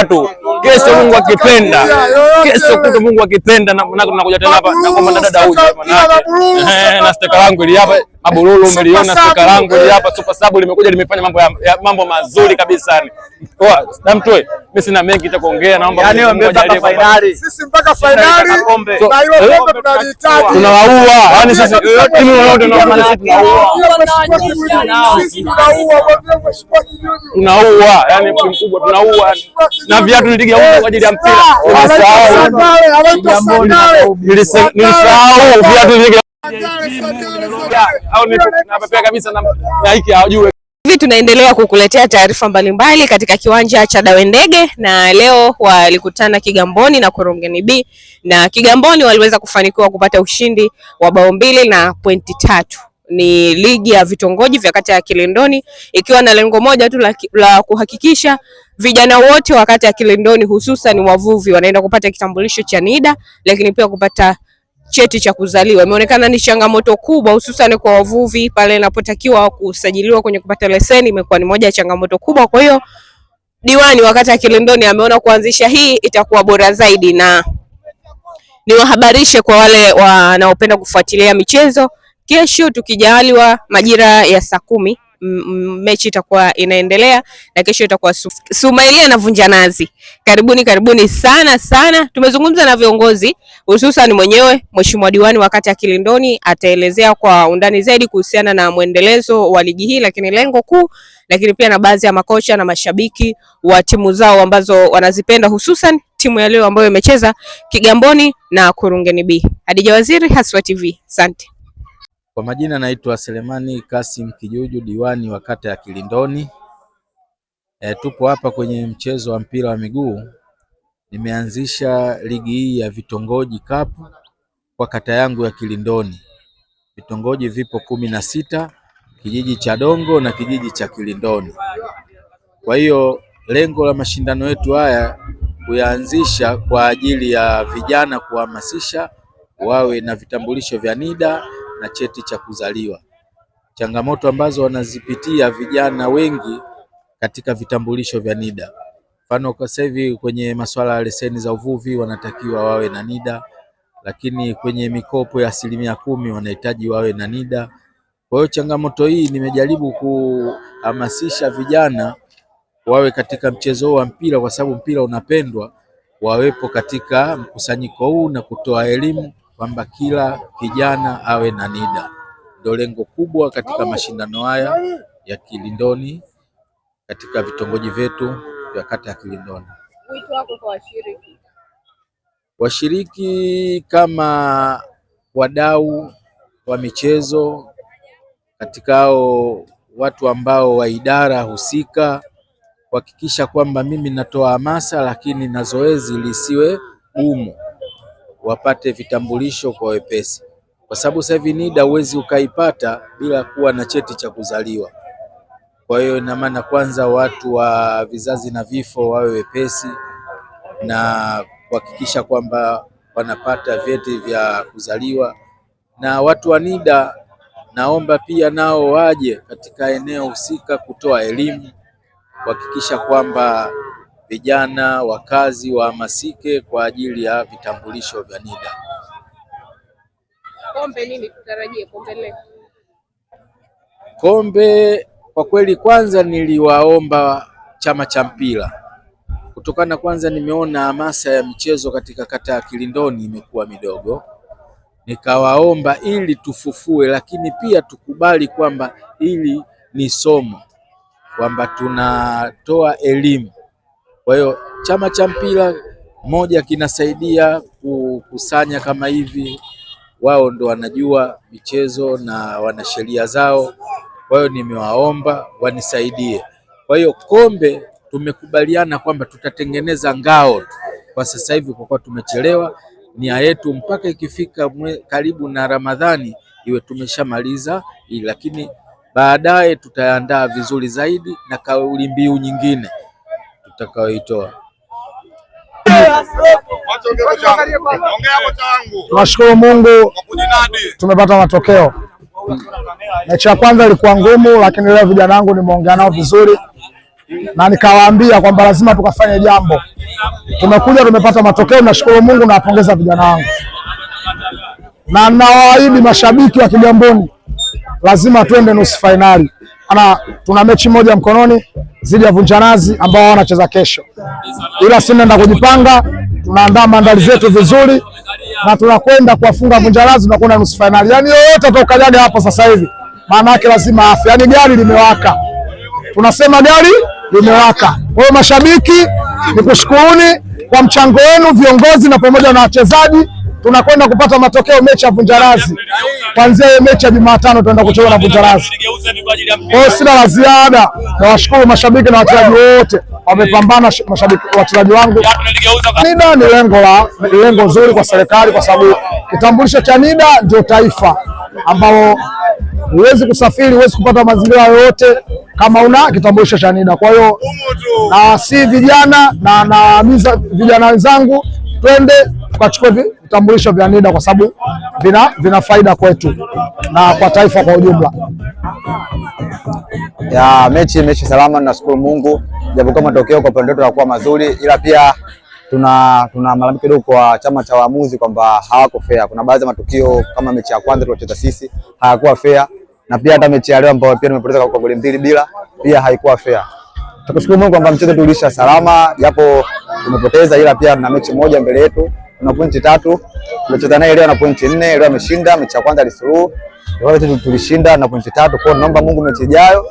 watu. Kesho Mungu akipenda, kesho kuto Mungu akipenda, nakuja tena hapa na kwa dada huyu na steka langu ili hapa Abululu, umeliona soka langu hili hapa super sub limekuja limefanya mambo ya, ya mambo mazuri kabisa yani. Poa, damtoe. Mimi sina mengi cha kuongea naomba yani kwa finali. Sisi mpaka finali. na hiyo kombe tunalihitaji. Tunawaua. Yaani sisi timu yote sisi tunawaua. Tunaua. Yaani kubwa tunaua. Na viatu nilipiga eh, huko kwa ajili ya mpira. Nilisahau viatu nilipiga Hivi tunaendelea kukuletea taarifa mbalimbali katika kiwanja cha Dawe Ndege, na leo walikutana Kigamboni na Korogeni B, na Kigamboni waliweza kufanikiwa kupata ushindi wa bao mbili na pointi tatu. Ni ligi ya vitongoji vya kata ya Kilindoni ikiwa na lengo moja tu la, la kuhakikisha vijana wote wa kata ya Kilindoni hususan wavuvi wanaenda kupata kitambulisho cha NIDA, lakini pia kupata cheti cha kuzaliwa. Imeonekana ni changamoto kubwa, hususan kwa wavuvi pale inapotakiwa kusajiliwa kwenye kupata leseni, imekuwa ni moja ya changamoto kubwa. Kwa hiyo diwani wa kata ya Kilindoni ameona kuanzisha hii itakuwa bora zaidi, na niwahabarishe kwa wale wanaopenda kufuatilia michezo, kesho tukijaliwa, majira ya saa kumi mechi itakuwa inaendelea na kesho itakuwa Sumailia navunja nazi. Karibuni, karibuni sana sana. Tumezungumza na viongozi hususan mwenyewe Mheshimiwa diwani wakati akilindoni ataelezea kwa undani zaidi kuhusiana na mwendelezo wa ligi hii, lakini lengo kuu, lakini pia na baadhi ya makocha na mashabiki wa timu zao ambazo wanazipenda hususan timu ya leo ambayo imecheza Kigamboni na Kurungeni B. Hadija Waziri, Haswa TV. Asante. Kwa majina naitwa Selemani Kasim Kijuju, diwani wa kata ya Kilindoni. E, tupo hapa kwenye mchezo wa mpira wa miguu. Nimeanzisha ligi hii ya vitongoji cup kwa kata yangu ya Kilindoni. Vitongoji vipo kumi na sita, kijiji cha Dongo na kijiji cha Kilindoni. Kwa hiyo lengo la mashindano yetu haya kuyaanzisha kwa ajili ya vijana kuhamasisha wawe na vitambulisho vya NIDA na cheti cha kuzaliwa, changamoto ambazo wanazipitia vijana wengi katika vitambulisho vya NIDA. Mfano, kwa sasa hivi kwenye masuala ya leseni za uvuvi wanatakiwa wawe na NIDA, lakini kwenye mikopo ya asilimia kumi wanahitaji wawe na NIDA. Kwa hiyo changamoto hii nimejaribu kuhamasisha vijana wawe katika mchezo wa mpira, kwa sababu mpira unapendwa, wawepo katika mkusanyiko huu na kutoa elimu kwamba kila kijana awe na NIDA. Ndio lengo kubwa katika mashindano haya ya Kilindoni katika vitongoji vyetu vya kata ya Kilindoni. Wito wako kwa washiriki? Washiriki kama wadau wa michezo katika o watu ambao wa idara husika kuhakikisha kwamba mimi natoa hamasa, lakini na zoezi lisiwe gumu wapate vitambulisho kwa wepesi, kwa sababu sasa hivi NIDA huwezi ukaipata bila kuwa na cheti cha kuzaliwa. Kwa hiyo ina maana kwanza watu wa vizazi na vifo wawe wepesi na kuhakikisha kwamba wanapata vyeti vya kuzaliwa, na watu wa NIDA naomba pia nao waje katika eneo husika kutoa elimu kuhakikisha kwamba vijana wakazi wahamasike kwa ajili ya vitambulisho vya NIDA. Kombe nini tutarajie kombe leo? Kombe kwa kweli, kwanza niliwaomba chama cha mpira kutokana, kwanza nimeona hamasa ya michezo katika kata ya Kilindoni imekuwa midogo, nikawaomba ili tufufue, lakini pia tukubali kwamba hili ni somo kwamba tunatoa elimu kwa hiyo chama cha mpira moja kinasaidia kukusanya kama hivi, wao ndo wanajua michezo na wana sheria zao. Kwa hiyo nimewaomba wanisaidie. Kwa hiyo kombe tumekubaliana kwamba tutatengeneza ngao kwa sasa hivi, kwa kuwa tumechelewa. Nia yetu mpaka ikifika mwe, karibu na Ramadhani iwe tumeshamaliza hii, lakini baadaye tutaandaa vizuri zaidi na kauli mbiu nyingine atakayoitoa. Tunashukuru Mungu tumepata matokeo. Mechi ya kwanza ilikuwa ngumu, lakini leo vijana wangu nimeongea nao vizuri na nikawaambia kwamba lazima tukafanye jambo. Tumekuja tumepata matokeo, nashukuru Mungu, nawapongeza vijana wangu na nawaahidi mashabiki wa Kigamboni, lazima tuende nusu fainali, ana tuna mechi moja mkononi zidi ya Vunja Nazi ambao wanacheza kesho, ila sisi naenda kujipanga, tunaandaa maandalizi yetu vizuri na tunakwenda kuwafunga Vunja Nazi na kwenda nusu fainali. Yani yoyote atakayajaga hapo sasa hivi, maana yake lazima afe. Yani gari limewaka, tunasema gari limewaka. Kwa hiyo mashabiki, nikushukuruni kwa mchango wenu, viongozi na pamoja na wachezaji tunakwenda kupata matokeo mechi ya Vunjarazi kwanzia hiyo mechi ya Jumatano tunaenda kucheza na Vunjarazi. Kwa hiyo sina la ziada, nawashukuru mashabiki na wachezaji wote wamepambana, mashabiki wachezaji wangu. NIDA ni lengo la lengo zuri kwa serikali, kwa sababu kitambulisho cha NIDA ndio taifa ambao huwezi kusafiri, huwezi kupata mazingira yoyote kama una kitambulisho cha NIDA. Kwa hiyo si vijana na naamiza vijana wenzangu twende tukachukua vitambulisho vya NIDA kwa sababu vina, vina faida kwetu na kwa taifa kwa ujumla. Ya, mechi mechi salama, nashukuru Mungu, japokuwa matokeo kwa upande wetu mazuri, ila pia tuna tuna malalamiko kidogo kwa chama cha waamuzi kwamba hawako fair. Kuna baadhi ya matukio kama mechi ya kwanza tuliocheza sisi hayakuwa fair, na pia hata mechi ya leo ambayo pia nimepoteza kwa goli mbili bila pia haikuwa fair. Tukushukuru Mungu kwamba mchezo tulisha salama, japo tumepoteza, ila pia na mechi moja mbele yetu. Tuna pointi tatu. Tumecheza naye leo na pointi nne. Leo ameshinda mechi ya kwanza alisuluhu. Wale tu tulishinda na pointi tatu. Kwa naomba Mungu mechi ijayo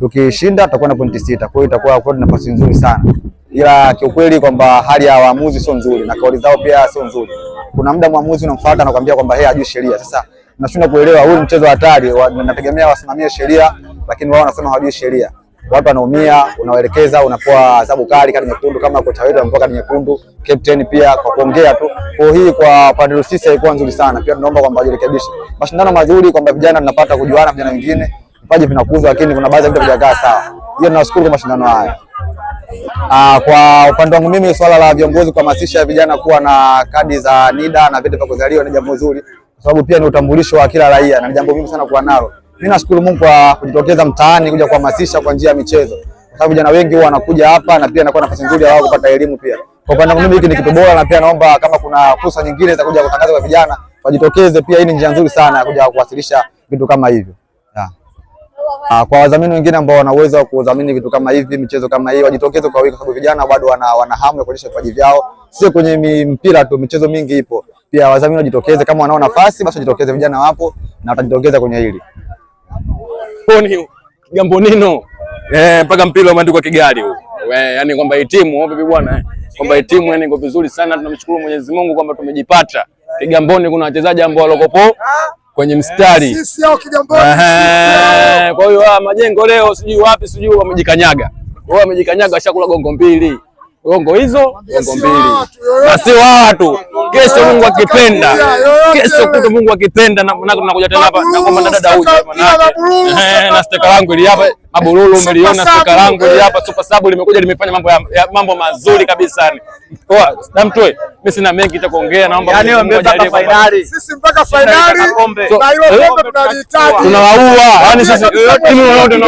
tukishinda tutakuwa na pointi sita. Kwa hiyo itakuwa kwa nafasi nzuri sana. Ila kiukweli kwamba hali ya waamuzi sio nzuri na kauli zao pia sio nzuri. Kuna muda mwamuzi unamfuata na kumwambia kwamba yeye hajui sheria. Sasa nashindwa kuelewa huyu mchezo hatari, nategemea wasimamie sheria lakini wao wanasema hawajui sheria watu wanaumia, unawaelekeza, unapewa adhabu kali, kadi nyekundu. Kama kocha wetu ambaye kadi nyekundu, captain pia kwa kuongea tu. Kwa hii kwa pande Padre sisi ilikuwa nzuri sana, pia tunaomba kwamba ajirekebishe. Mashindano mazuri kwamba vijana tunapata kujuana, vijana wengine vipaji vinakuzwa, lakini kuna baadhi ya vitu havijakaa sawa. Hiyo tunashukuru kwa mashindano haya. Aa, ah, kwa upande wangu mimi swala la viongozi kuhamasisha vijana kuwa na kadi za NIDA na vyeti vya kuzaliwa ni jambo zuri, kwa sababu pia ni utambulisho wa kila raia na ni jambo muhimu sana kuwa nalo mimi nashukuru Mungu kwa kujitokeza mtaani kuja kuhamasisha kwa njia ya michezo, kwa sababu vijana wengi huwa wanakuja hapa na pia inakuwa nafasi nzuri ya wao kupata elimu pia. Kwa upande wangu mimi hiki ni kitu bora, na pia naomba kama kuna fursa nyingine za kuja kutangaza kwa vijana wajitokeze pia. Hii ni njia nzuri sana ya kuja kuwasilisha vitu kama hivyo. Ah, kwa wadhamini wengine ambao wana uwezo wa kudhamini vitu kama hivi, michezo kama hii, wajitokeze kwa wingi, kwa sababu vijana bado wana, wana hamu ya kuonyesha vipaji vyao, sio kwenye mpira tu, michezo mingi ipo pia. Wadhamini wajitokeze, kama wanao nafasi basi wajitokeze, vijana wapo na watajitokeza kwenye hili poni jambo nino eh, mpaka mpira umeandikwa Kigali huu yani kwamba itimu vipi oh, bwana eh. kwamba itimu yani iko vizuri sana. Tunamshukuru Mwenyezi Mungu kwamba tumejipata Kigamboni. Kuna wachezaji ambao walokopo kwenye mstari eh, sisi au Kigamboni. Kwa hiyo ah, majengo leo sijui wapi sijui wamejikanyaga wao wamejikanyaga, washakula gongo mbili uongo hizo uongo mbili, na si watu. Kesho Mungu akipenda, kesho kuto Mungu akipenda, nakuja tena hapa na dada huyu na steka langu ili hapa mabururu, umeliona steka langu ili hapa, super sub limekuja limefanya mambo mambo mazuri kabisa. Poa damtoe mimi sina mengi cha kuongea, naomba sisi mpaka finali yaani na hilo kombe tunalihitaji. Tunawaua yani sisi timu yoyote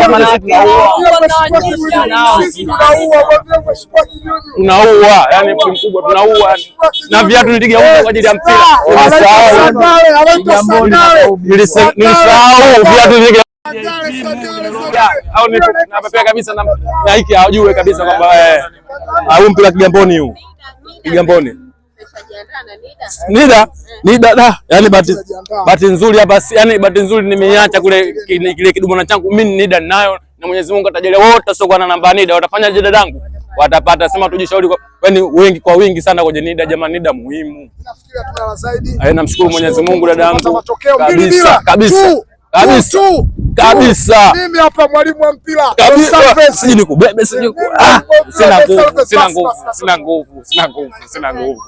tunaua, yani kubwa tunawaua, na viatu niligeuza kwa ajili ya mpira, nilisahau viatu au napepea kabisa na hiki ajue kabisa kwamba eh, au mpira Kigamboni huu Kigamboni Nida Nida eh. da, yani bahati bahati nzuri hapa, yani bahati nzuri nimeiacha kule kile kidumona changu mimi Nida nayo, na Mwenyezi Mungu atajalia wote sio na namba Nida watafanya je, dangu watapata, sema tujishauri kwa yani wengi kwa wingi sana kwenye Nida. Jamani, Nida muhimu, eh, namshukuru Mwenyezi Mungu dadangu kabisa kabisa kabisa kabisa. Mimi hapa mwalimu wa mpira sijui nikubebe, sijui sina nguvu, sina nguvu, sina nguvu, sina nguvu.